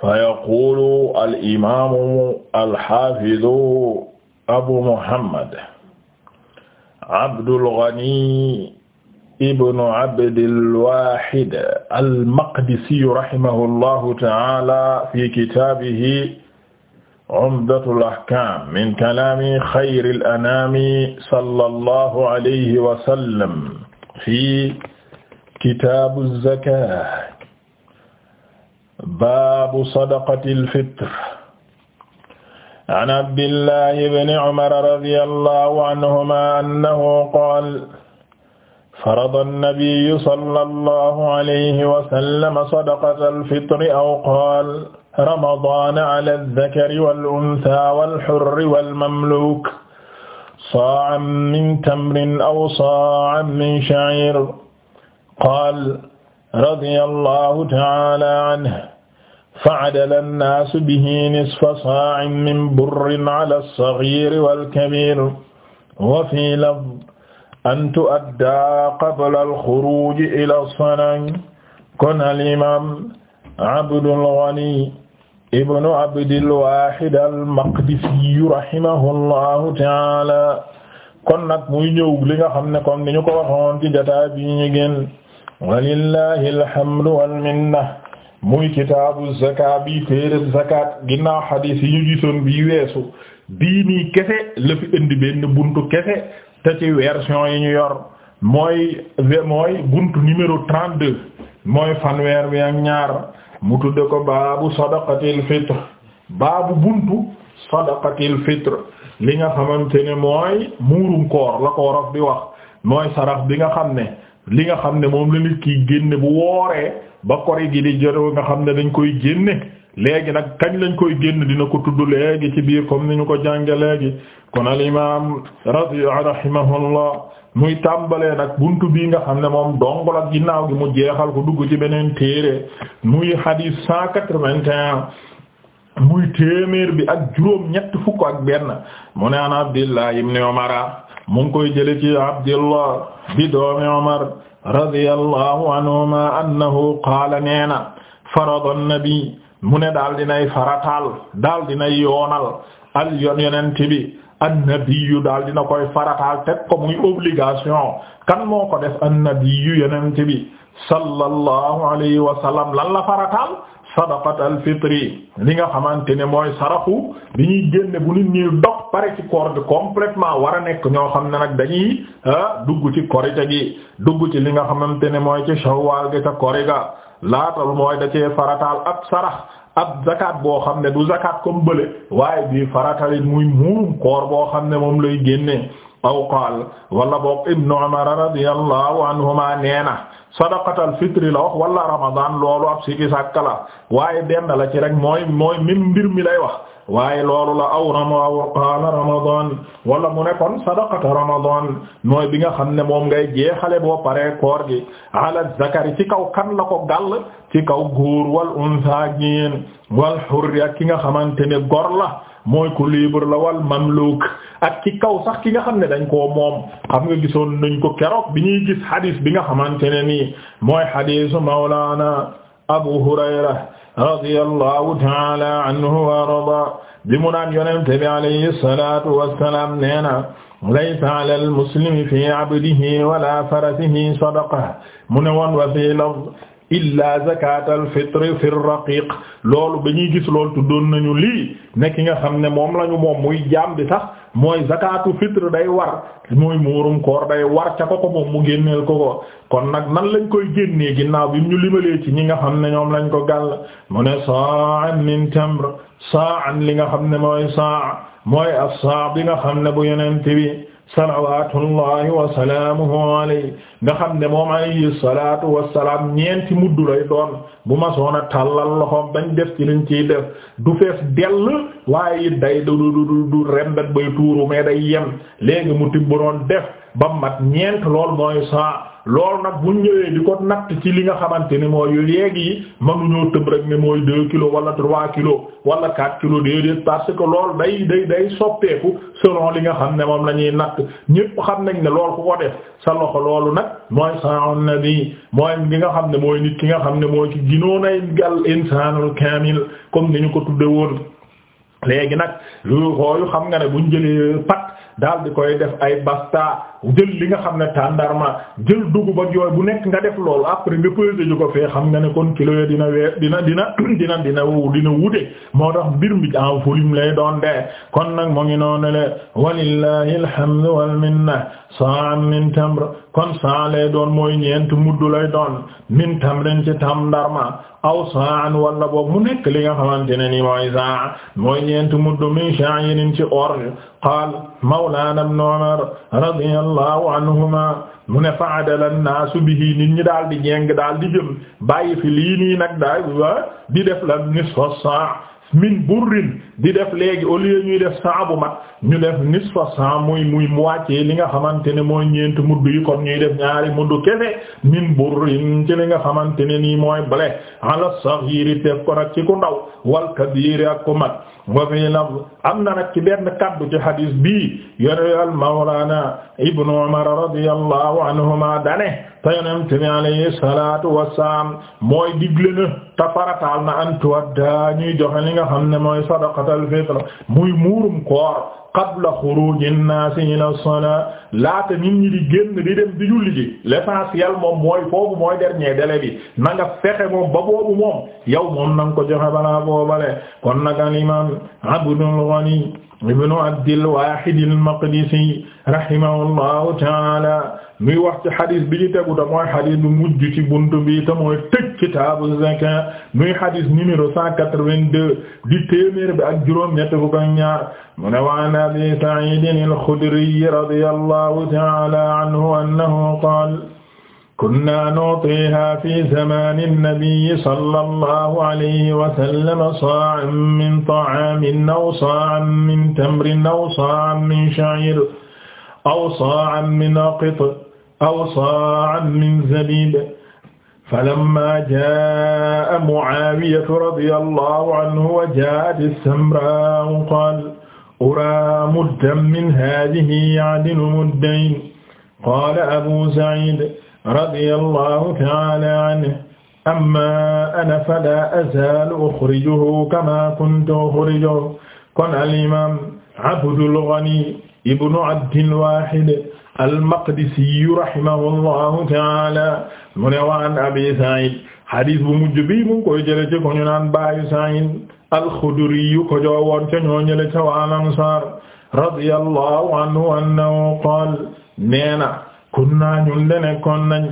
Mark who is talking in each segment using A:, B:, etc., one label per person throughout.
A: fa yaqulu al imaamu al xaafidu abu muhammad Abdul Ghani ibn Abdil Waahid al maqdisiyu rahimahullahu ta'aala fi kitaabihi Umdatul Ahkaam min kalaami xayril anaami sallallahu alayhi wa sallam fi kitaabu zakaat baabu sadaqatil fitr an abdillahi ibni umar radiyallahu anhuma annahu qaala farada nnabiyu sallallahu alayhi wa sallam sadaqatal fitri aw qaala ramadaana ala zzakari wal unsaa wal hurri wal mamluuk saa'an min tamrin aw saa'an min sha'iir qaala radiyallahu ta'aalaa anhu fa'adala nnaasu bihi nisfa saa'in min burrin 'ala as-saghiiri wal-kabiiri wa fii lafdin an tu'addaa qabla al-xuruuji ilaa as-sanam kon al-imaam Abdul Ghani ibnu Abdil Waahid al-Maqdisi rahimahullahu ta'aala kon nag muy ñëw li nga xam ne comme ni ñu ko waxoon ci jotaay bi ñu génn walillahi alhamdu wal minna muy kitaabu zakat bi téereb zakat ginnaaw xadiis yi ñu gisoon bii weesu bii nii kese la indi benn buntu kese te ci version yi ñu yor mooy mooy buntu numéro 32 mooy fanweer bi ak ñaar mu tudd ko baabu sadaqatil fitr baabu buntu sadaqatil fitr li nga xamante ne mooy muurum koor la ko wolof di wax mooy sarax bi nga xam ne li nga xam ne moom la nit ki génne bu wooree ba kori gi di nga xam ne dañ koy génne léegi nag kañ lañ koy génn dina ko tudd léegi ci biir comme ni ñu ko jànge léegi kon al imam radi rahimahullah muy tàmbalee nag buntu bii nga xam ne moom dongol ak ginnaaw gi mu jeexal ko dugg ci beneen téere muy hadith cent quatre-vingt-un muy téeméer bi ak juróom ñett fukk ak benn mu ne an Abdillah ibn Umara mu koy jële ci Abdullah di doomi Umar radiyallahu anhuma annahu qaala neena farada nabi mu ne daal dinay farataal daal dinay yoonal al yon yonent bi annabiyu daal dina koy farataal teg ko muy obligation kan moo ko def annabiyu yonent bi sallallahu alayhi wa lan la farataal sadaqat al fitri li nga xamante ne mooy saraxu bi ñuy génne bu nit ñi dox pare ci koor bi complètement war a nekk ñoo xam ne nag dañuy ah, dugg ci korite gi dugg ci li nga xamante ne mooy ci shawwal gi ta kori ga laatal mooy da farataal ab sarax ab zakat boo xam ne du zakat comme bële waaye bii faratalit muy muurum koor boo xam ne moom lay génne aw qaal wala boog ibnu umar radiyallahu anhuma neena sadaqatal fitri la wax wala ramadan loolu ab siki la waaye benn la ci rek mooy mooy mim mbir mi lay wax waaye loolu la aw rama ramadan wala mu ne kon sadaqata ramadan mooy bi nga xam ne moom ngay jeexale boo paree koor gi ala zakari ci kaw kan la ko gàll ci kaw góor wal unsa giin wal hurri ak ki nga xamante ne gor la mooy ku libre la wal mamluk ak ci kaw sax ki nga xam ne dañ koo moom xam nga gisoon nañ ko keroog bi ñuy gis xadis bi nga xamante ne nii mooy xadisu mawlaana abu hurayra radiyallahu taala anhu wa arda bi mu naan yonente bi alayhi salatu wassalam nee na laysa ala almuslimi fi abdihi wala farasihi sadaqa mu ne woon wa fi lafz illa zakatal fitri fi raqiq loolu ba ñuy gis lool tuddoon nañu lii nekk nga xam ne moom lañu moom muy jaam bi sax mooy zakatu fitr day war mooy muurum koor day war ca ko ko moom mu génneel ko ko kon nag nan lañ koy génnee ginnaaw bi ñu limalee ci ñi nga xam ne ñoom lañ ko gàll mu ne sa'an min tamr sa'an li nga xam ne mooy sa' mooy as-sa' bi nga xam ne bu yeneen bi salawaatullahi wa salaamuhu alayhi nga xam ne moom alayhi salaatu wa salaam ti mudd lay doon bu ma soona tàllal loxo bañ def ci liñ ciy def du fees dell waaye day du du du du rembet bay tuuru mais yem léegi mu tibb doon def ba mat ñeent loolu mooy saa loolu nag bu ñëwee di ko natt ci li nga xamante ni mooy yu léegi yi mënuñoo tëb rek ne mooy deux kilos wala trois kilos wala quatre kilos déedéet parce que lool day day soppeeku soppeeku selon li nga xam ne moom la ñuy natt ñépp xam nañ ne lool ku ko def sa loxo loolu nag mooy na di mooy li nga xam ne mooy nit ki nga xam ne mooy ci ginoonay gal insaanul kaamil comme ni ñu ko tudde woon léegi nag lu xooyu xam nga ne buñ jëlee pa daal di koy def ay basta jël li nga xam ne tàndarma jël dugub ak yooyu bu nekk nga def loolu après nga pesé ju ko fee xam nga ne kon kilo yi dina dina dina dina dina dina dina wute moo tax mbir mi en volume lay doon de kon nag moo ngi noonu le walillahi alhamdu wal minna sa'an min tamr kon saa lay doon mooy ñeent muddu lay doon min tamrin ci tàndarma aw sa'an wala boobu mu nekk li nga xamante ne nii mooy saa mooy ñeent muddu min sha'irin ci qaal mawlaana ibn Umar radiyallahu anhuma mu ne fa'adala naasu bihi nit ñi daal di jeng daal di jëm bàyyi fi lii nii nag daay di def la nisfa saa min burrin di def léegi au lieu ñuy def saa bu mat ñu def nisfa saa muy muy mu wàccee li nga xamante ne mooy ñeenti mudd yi kon ñuy def ñaari mudd kese min burrin ci li nga xamante ne nii mooy blé ala saghiri def ko nag ci ku ndaw wal kabiri ak ku mat wa fi lafz am na nag ci benn kaddu ci hadis bii yoneal mawlana ibnu umar radiyallahu anhuma dane te yonent bi alayhi salatu wasalaam mooy digle na te farataal na an tuwadda ñuy joxe li nga xam ne mooy sadaqatal fitr muy muurum koor qabla xuruji nnaasi ila salaa laata nit ñi di génn di dem di julli ji l'essentiel moom mooy foofu mooy dernier délai bi na nga fexe moom ba boobu moom yow moom na nga ko joxe balaa boobale kon nag al imaam Abdul Ghani ibnu Abdil Waahid al Maqdisi rahimahullahu ta'ala muy wax ci xadis bi ñu tegu te mooy xadis bu mujj ci buntu bi te mooy tëj kitaabu zakat muy xadis numéro cent quatre-vingt-deux di téeméer bi ak juróom-ñett bu ko ñaar mu ne waan abi sa'idin al-xudri radiyallahu ta'ala anhu annahu qaala kunna nu'tiiha fi zamani an-nabi sallallahu alayhi wa sallam saa'an min ta'aamin aw saa'an min tamrin aw saa'an min sha'iir aw saa'an min qit aw saa'an min zabiib falammaa jaa'a Mu'aawiyatu radiyallaahu anhu wa jaa'at as-samraa'u qaala uraa muddan min haadihi ya'dilu muddayn qaala Abuu Sa'iid radiyallaahu ta'aalaa anhu ammaa ana falaa azaalu uxrijuhu kamaa kuntu uxrijuhu kon al-imaam Abdul Ghani ibnu Abdil Waahid al-Maqdissî rahimahullahu ta'ala mu ne wa an Abi Sa'id hadis bu mujj bi mu ngi koy jëlee ci ko ñu naan baayu Sa'id al-Khudri yu ko joowoon ca ñoo ñële ca waa Ansaar radiyallahu anhu annahu qaala nee na kunnaa ñun de nekkoon nañ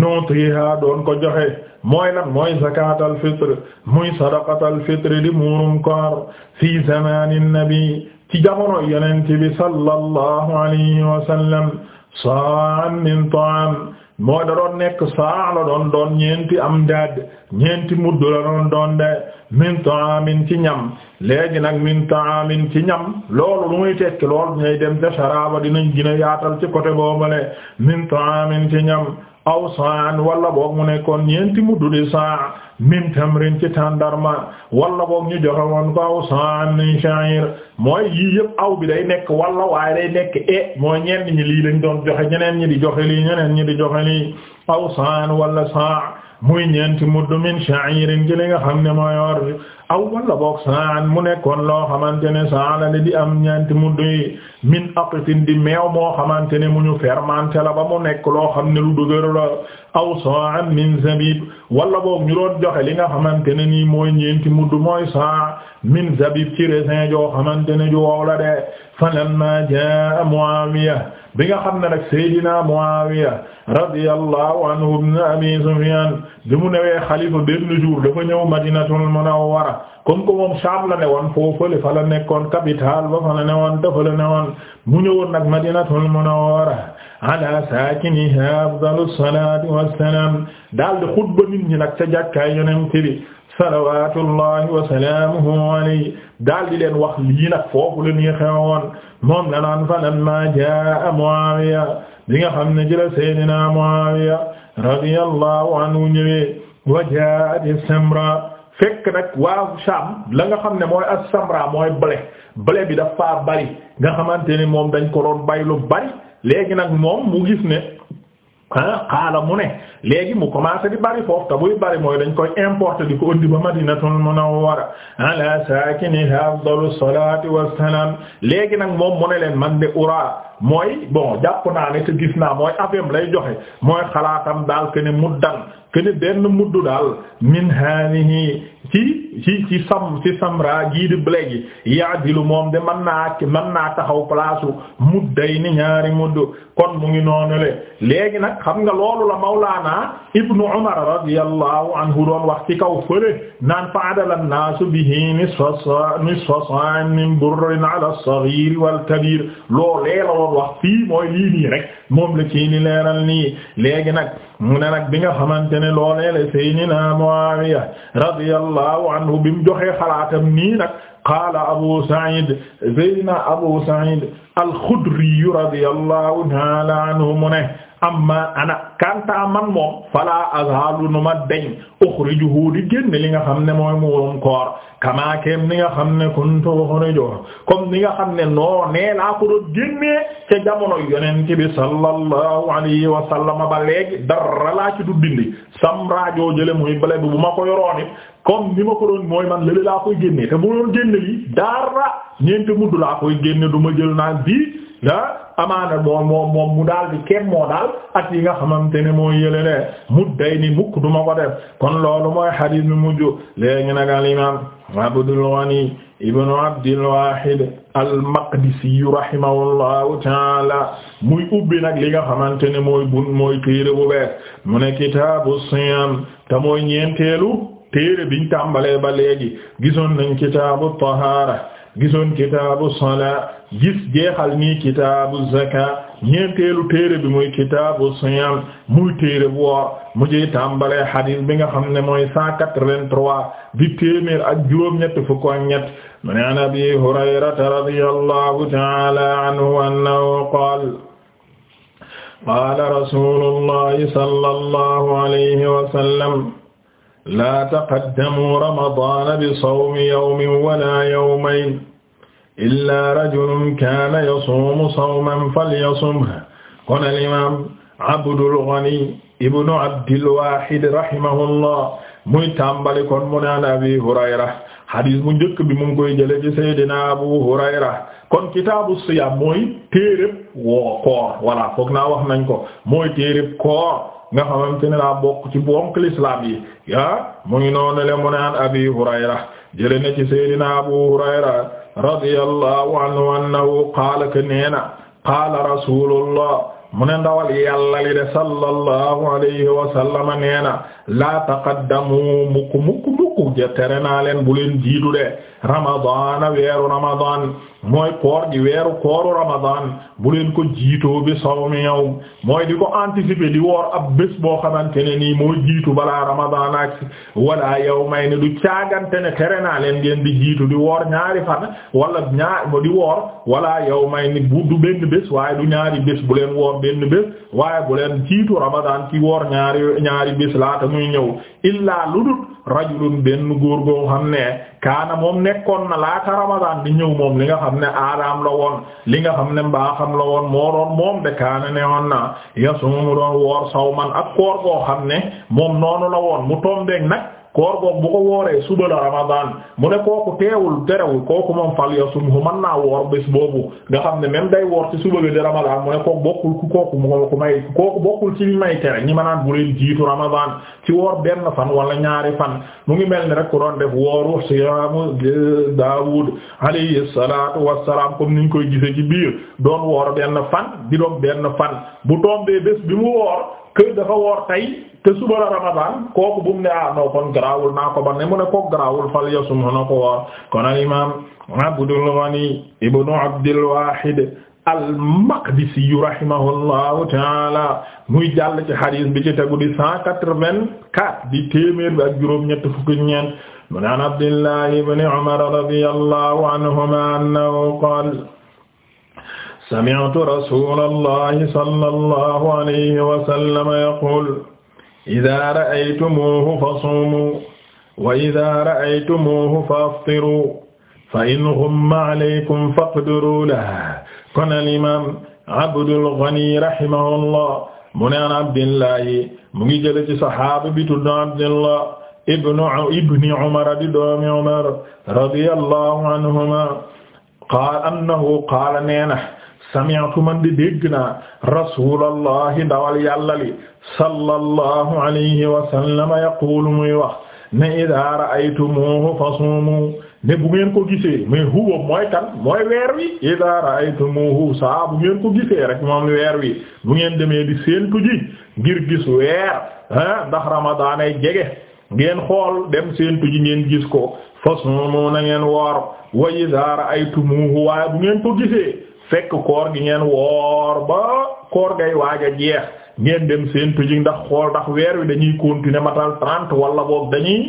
A: nuutiha doon ko joxe mooy nag mooy zakaatal fitr muy sadaqatal fitr di muurum koor fii zamanin nabi ci jamono yonent bi sallallahu alayhi wa sallam sa'an min ta'am moo da doon nekk saa la doon doon ñeenti am daad ñeenti mudd la doon doon de min taamin ci ñam léegi nag min taamin ci ñam loolu lu muy tekki loolu ñay dem ca sharaba dinañ gën a yaatal ci côté boobale min taamin ci ñam aw saan wala boog mu nekkoon ñeenti mudd di saa min tamrin ci tàndarma walla boog ñu joxe woon ko aw sa'an min sha'ir mooy yii yëpp aw bi day nekk walla waaye day nekk e mooy ñenn ñi lii lañ doon joxe ñeneen ñi di joxe lii ñeneen ñi di joxe lii aw sa'an walla sa' muy ñeenti muddu min sha'irin ci li nga xam ne mooy or aw wala boog saan mu nekkoon loo xamante ne saa la di am ñeenti muddu min aqtin di meew moo xamante ne mu ñu fermenté la ba mu nekk loo xam ne lu dëgër la aw sa'an min zabib wala boog ñu doon joxe li nga xamante ne nii mooy ñeenti muddu mooy saa min zabib ci raisin joo xamante ne ju wow la de falamma jaa Muawiya bi nga xam ne nag Seydina Muawiya radiyallahu anhu ibn Abi Sufyan bi mu newee xalifa benn jour dafa ñëw Madinatul Munawwara comme que moom Sham la ne woon foofale fa la nekkoon capitale ba fa la ne woon dafa la ne woon mu ñëwoon nag Madinatul Munawwara ala saakiniha afdalu salaatu wassalaam daal di xutba nit ñi nag ca jàkkaay yonent bi salawaatullahi wa salaamuhu alayhi daal di leen wax lii nag foofu la ñuy xewoon moom la naan falammaa jaa Muawiya bi nga xam ne jëla Seydina Muawiya radiyallahu anhu ñëwee wa jaa'at as-Samra fekk nag waa Sham la nga xam ne mooy as-Samra mooy blé blé bi dafa bari nga xamante ne moom dañ ko doon bay lu bari léegi nag moom mu gis ne. qaala mu ne léegi mu commencé di bari foofu te buy bari mooy dañ koy importer di ko ëndi ba madinatul munawwara ala saakiniha afdalu salaati wassalaam léegi nag moom mu ne leen man de ura mooy bon jàpp naa ne te gis naa mooy afem lay joxe mooy xalaatam daal ke ne muddan ke ne benn muddu daal min haanihi ci ci ci sam ci samra jii di blé gi yaadilu moom de mën naa mën naa taxaw place mudday ni ñaari mudd kon mu ngi noonu le léegi nag xam nga loolu la Mawlaana Ibnu Umar radiyallahu anhu doon wax ci kaw fële naan fa adala an-naasu bihi nisfa nisfa sa'in min burrin ala as-saghir wal kabir loolee la doon wax fii mooy lii nii rek moom la ci ni leeral nii léegi nag mu ne nag bi nga xamante ne loolee la Seydina Muawiya radiyallahu anhu bi mu joxee xalaatam nii nag qaala Abu Sa'id Seydina Abu Sa'id alxudri radiyallahu ta'ala anhu mu ne amma ana kanta man moom fala azhalu nu ma deñ uxrijuhu di génne li nga xam ne mooy muurum koor kamaakeem ni nga xam ne kuntu uxrijuhu comme ni nga xam ne noo nee laa ko doon génnee ca jamono yonent bi sallallahu alayhi wa ba léegi dara laa ci du dindi sam raajoo jële muy bale bu ma ko yoroon it ni ma ko doon mooy man lële laa koy génnee te bu doon génne lii dara ñeenti mudd laa koy génne du ma jël at bii amaana moom moom mu daal di kenn moo daal at yi nga xamante ne moo yële ne mudday ni mukk du ko def kon loolu mooy xadiis bi mujj léegi nag al imaam Abdul Ghani Abdil Wahid al rahimahullahu taala muy ubbi nag li nga xamante ne mooy bun mooy téere bu bees mu ne kitaabu siyam te mooy ñeenteelu téere biñ tàmbalee ba léegi gisoon kitaabu tahaara gisoon kitaabu salaa gis jeexal nii kitaabu zaka ñeenteelu téere bi muy kitaabu siyam muy téere bu woor mujjee tàmbalee xadiis bi nga xam ne mooy cent quatre-vingt-trois bi téeméer ak juróom-ñett fukk ak ñett mu ne an abi hurayrata radiyallahu ta'ala anhu annahu qaala qaala rasuulullahi sallallahu alayhi wa sallam laa taqaddamuu ramadaana bi sawmi yawmin wala yawmayn illaa rajulun kaana yasuumu sawman falyasumhu kon al-imaam Abdul Ghani ibnu Abdil Waahid rahimahullah muy tàmbali kon mu naan Abi Hurayra hadiis bu njëkk bi mu ngi koy jëlee ci Seydina Abu Hurayra kon kitaabu siyaam mooy téereb woo koor voilà foog naa wax nañ ko mooy téereb koor. nga xamante ne daa bokk ci bonk l'islam yi ya mu ngi le mu an abi hurayra jële na ci seydina abu hurayra radiyallahu anhu annahu qaala ke neena qaala rasulullah mu ndawal yàlla de sallallahu alayhi wa neena la taqaddamu mukk mukk mukk ja naa leen bu leen jiidu de ramadana weeru ramadan mooy koor gi weeru kooru ramadan bu leen ko jiitoo bi sawmi yawm mooy di ko anticiper di woor ab bés boo xamante ne nii mooy jiitu balaa ramadan ak wala yawmay ne du caagante ne tere naa leen ngeen di jiitu di woor ñaari fan wala ñaar di woor wala yawmay ni bu du benn bés waaye du ñaari bés bu leen woor benn bés waaye bu leen jiitu ramadan ci woor ñaari ñaari bés laata muy ñëw illaa ludut rajulun benn góor goo xam ne kaana moom nekkoon na laata ramadan bi ñëw moom li nga xam ne aadaam la woon li nga xam ne mbaaxam la woon moo doon moom de kaana ne woon na yasumu doon woor sawman ak koor goo xam ne moom noonu la woon mu tombeek nag koor boobu bu ko wooree suba la ramadan mu ne kooku teewul terewul kooku moom fal ya sumhu mën naa woor bés boobu nga xam ne même day woor ci suba bi di ramadan mu ne kooku bokkul ku kooku may kooku bokkul ci li may tere ñi ma naan bu leen jiitu ramadan ci woor benn fan wala ñaari fan mu ngi mel ni rek ku doon def wooru siyaamu Daawud alayhi salaatu wassalaam comme niñ koy gisee ci biir doon woor benn fan di doon benn fan bu tombee bés bi mu kër dafa woor tey te suba la Ramadan kooku bu mu ne ah non kon garaawul naa ko ba ne mu ne ko garaawul fal yasum na ko woor kon al imaam Abdul Ghani ibnu Abdul Wahid al-Maqdisi rahimahullahu taala muy jàll ci xadiis bi ci tegu di cent quatre-vingt-quatre di téeméer bi ak juróom-ñett fukki ñeent mu naan Abdullah ibn Umar radiyallahu anhuma annahu qaala sami'tu rasulallahi sallallahu alayhi wa sallam yaqul idaa ra'aytumuuhu fasuumu wa idaa ra'aytumuuhu faftiru fa in ghumma alaykum faqdiruu lahu kon al-imaam Abdul Ghani rahimahullah mu ne an Abdillahi mu ngi jële ci saxaaba bi tudd Abdillah ibnu ibni Umar di doomi Umar radiyallahu anhuma qaala annahu qaala neena sami'tu man di dégg naa rasulallahi ndawal yàlla li sallallahu alayhi wa sallam yaqulu muy wax ne idaa ra'aytumuhu fasuumu ne bu ngeen ko gisee mais huwa mooy kan mooy weer wi idaa ra'aytumuhu saa bu ngeen ko gisee rek moom weer wi bu ngeen demee di séentu ji ngir gis weer ah ndax ramadaan jege ngeen xool dem séentu ji ngeen gis ko fasuumu na ngeen woor wa idaa ra'aytumuhu waaye bu ngeen ko gisee. fekk koor gi ngeen woor ba koor gay waaja a jeex ngeen dem seen tuji ndax xool ndax weer wi dañuy continuer matal trente wala boog dañuy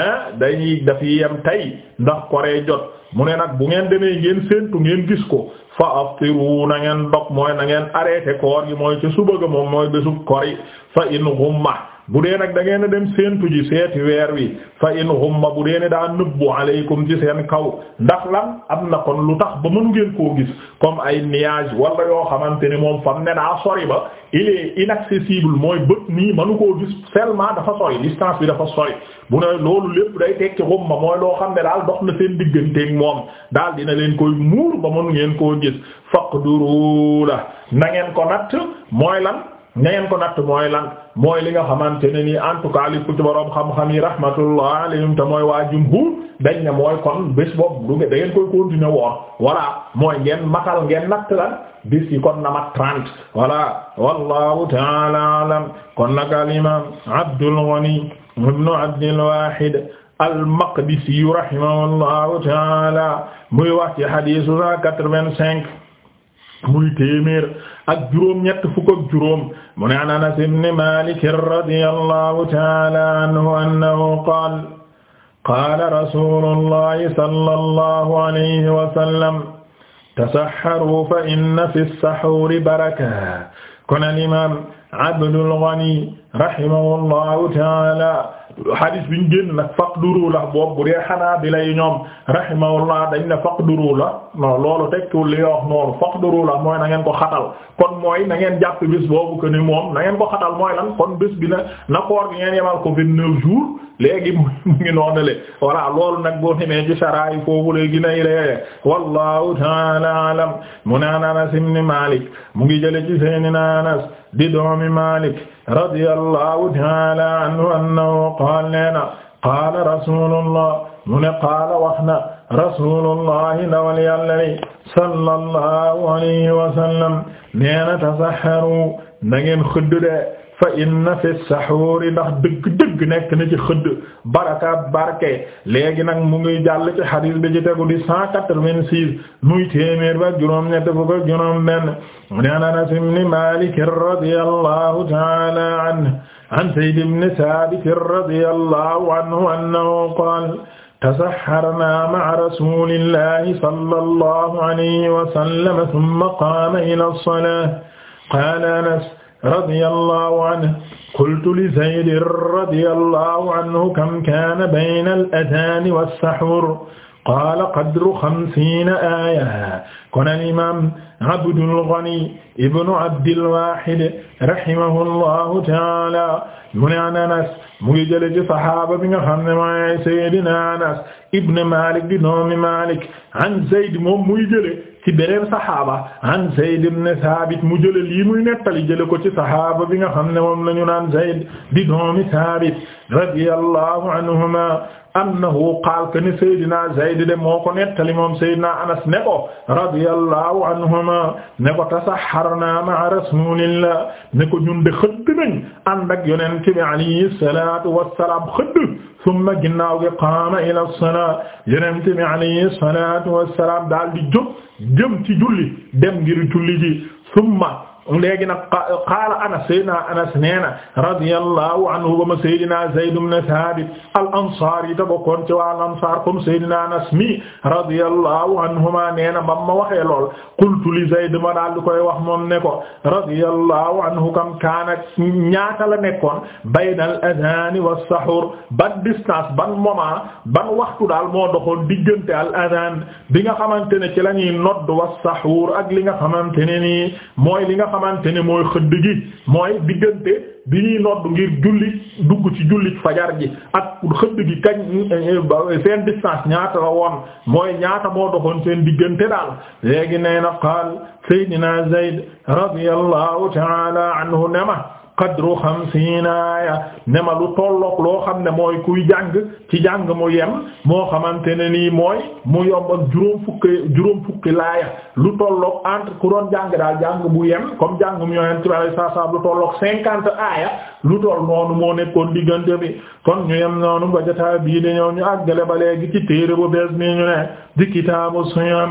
A: ah dañuy dafiy yem tey ndax koree jot mu ne nag bu ngeen demee ngeen séentu ngeen gis ko fa aftiru na ngeen dog mooy na ngeen arrêté koor gi mooy ca suba ga moom mooy bésu kori fa in ghumma bu dee nag da ngeen a dem séentu ji seeti weer wi fa in ma bu dee ne daa nëbbu aleykum ci seen kaw ndax lan am na kon lu tax ba mënu ngeen koo gis comme ay nuage wala yoo xamante ne moom fam ne daa sori ba il est inaccessible mooy bët nii mënu koo gis dafa sori distance bi dafa sori bu ne loolu lépp day tekki ma mooy loo xam ne daal dox na seen digganteeg moom daal dina leen koy muur ba mënu ngeen koo gis faqduru la na ngeen ko natt mooy lan ngeen ko natt mooy lan mooy li nga xamante ne nii en tout cas li ku ci borom xam-xam yi rahmatullah alayhim mooy waa jumhur dañ ne mooy kon bés boobu du da ngeen koy continuer woor voilà mooy ngeen matal ngeen natt lan bés yi kon na mat trente voilà wallahu taala alam kon nag al imam Abdul Ghani ibn Abdul Wahid al-Maqdisi rahimahullahu taala muy wax ci hadith 185 muy téeméer ak juróom ñett fukk ak juróom mu ne an Anas ibn Malik radiyallahu ta'ala anhu annahu qaala qaala rasulullahi sallallahu alayhi wa sallam tasahharu fa inna fi as-sahuri baraka kon al-imam Abdul Ghani rahimahullahu ta'ala hadis bi ñu génn nag faqduru la boobu bu dee xanaa bi lay ñoom rahimahullah dañ ne faqduru la non loolu tekkiwul li wax noonu faqduru la mooy na ko xatal kon mooy na ngeen jàpp bés boobu que ni moom na ko xatal mooy lan kon bés bi na na koor gi ngeen yemal ko vingt-neuf jours mu ngi noonale voilà loolu nag boo xamee ci saraay foofu lay gën a yéex wallahu ta'ala alam mu ne Anas ibn Malik mu ngi jële ci Sayyidina Anas di doomi Malik radiyallahu ta'ala anhu annahu qaala lana qaala rasulullah mu ne qaala wax na rasulullahi ndawal yàlla li sallallahu alayhi wa sallam nee na tasaharu na ngeen xëdd de fa inna fi saxuuri ndax dëgg-dëgg nekk na ci xëdd barakaat barke léegi nag mu ngi jàll ci xadiis bi ci tegu di cent quatre-vingt-six muy téeméer ba juróom ñett fukk ak juróom benn mu ne an Anas ibn Maalik radiyallahu ta'ala anhu an Zayd ibn Saabit radiyallahu anhu annahu qaala tasaxarnaa ma'a rasuulillahi sallallahu alayhi wa sallam thumma qaama ila as-salaati qaala Anas radiyallahu anhu qultu li Zayd radiyallahu anhu kam kaana bayna al-adhaani was-suhuur qaala qadru xamsiina aaya kon al-imaam Abdul Ghani ibnu Abdil Waahid rahimahullahu ta'aala mu ne Anas mu ngi jële ci saxaaba bi nga xam ne mooy Seydina Anas ibn Maalik di doomi Maalik an Zayd moom muy jële ci beneen saxaaba an Zayd ibn Thabit mu jële lii muy nettali jële ko ci saxaaba bi nga xam ne moom la ñu naan Zayd di doomi Thabit radiyallahu anhuma annahu qaal kaana Seydina Zayd de moo ko nettali moom Seydina Anas ne ko radiyallahu anhuma ne ko tasaharna ma'a rasulillah ne ko ñun de xëdd nañ ànd ak yonent bi alayhi salaatu wassalaam xëdd summa ginnaaw gi qaama ila salaa yonent bi alayhi salaatu wassalaam daal di jóg jëm ci julli dem ngir julli ji summa léegi nag qaala anas saydna anas nee na radiyallahu anhu ba ma saydna zayd ibn thabit al ansar yi te bokkoon ci waa al ansar comme saydna anas mi radiyallahu anhuma nee na bam ma waxee lool qultu li zayd ma daal di koy wax moom ne ko radiyallahu anhu kam kaana ñaata la nekkoon bayna al adhan wa sahur ban distance ban moment ban waxtu daal moo doxoon diggante al adhan bi nga xamante ne ci la ñuy nodd wa sahur ak li nga xamante ne nii mooy li nga xamante ne mooy xëdd mooy diggante bi ñuy nodd ngir julli dugg ci julli fajar ji ak xëdd gi kañ eh, eh, seen distance ñaata la mooy ñaata moo doxoon seen diggante daal léegi nee na qaal Seydina Zayd radiyallahu ta'ala anhu nema qadru xamsiina aaya ne ma lu tollook loo xam ne mooy kuy jàng ci jàng mu yem moo xamante ne nii mooy mu yomb ak juróom fukki juróom fukki laaya lu tolloog entre ku doon jàng daal jàng bu yem comme jàng mu yonent bi alayhi salaam lu tolloog cinquante aaya lu toll noonu moo nekkoon diggante bi kon ñu yem noonu ba jotaay bii di ñëw ñu àggale ba léegi ci téere bu bees mi ñu ne di kitaabu siyam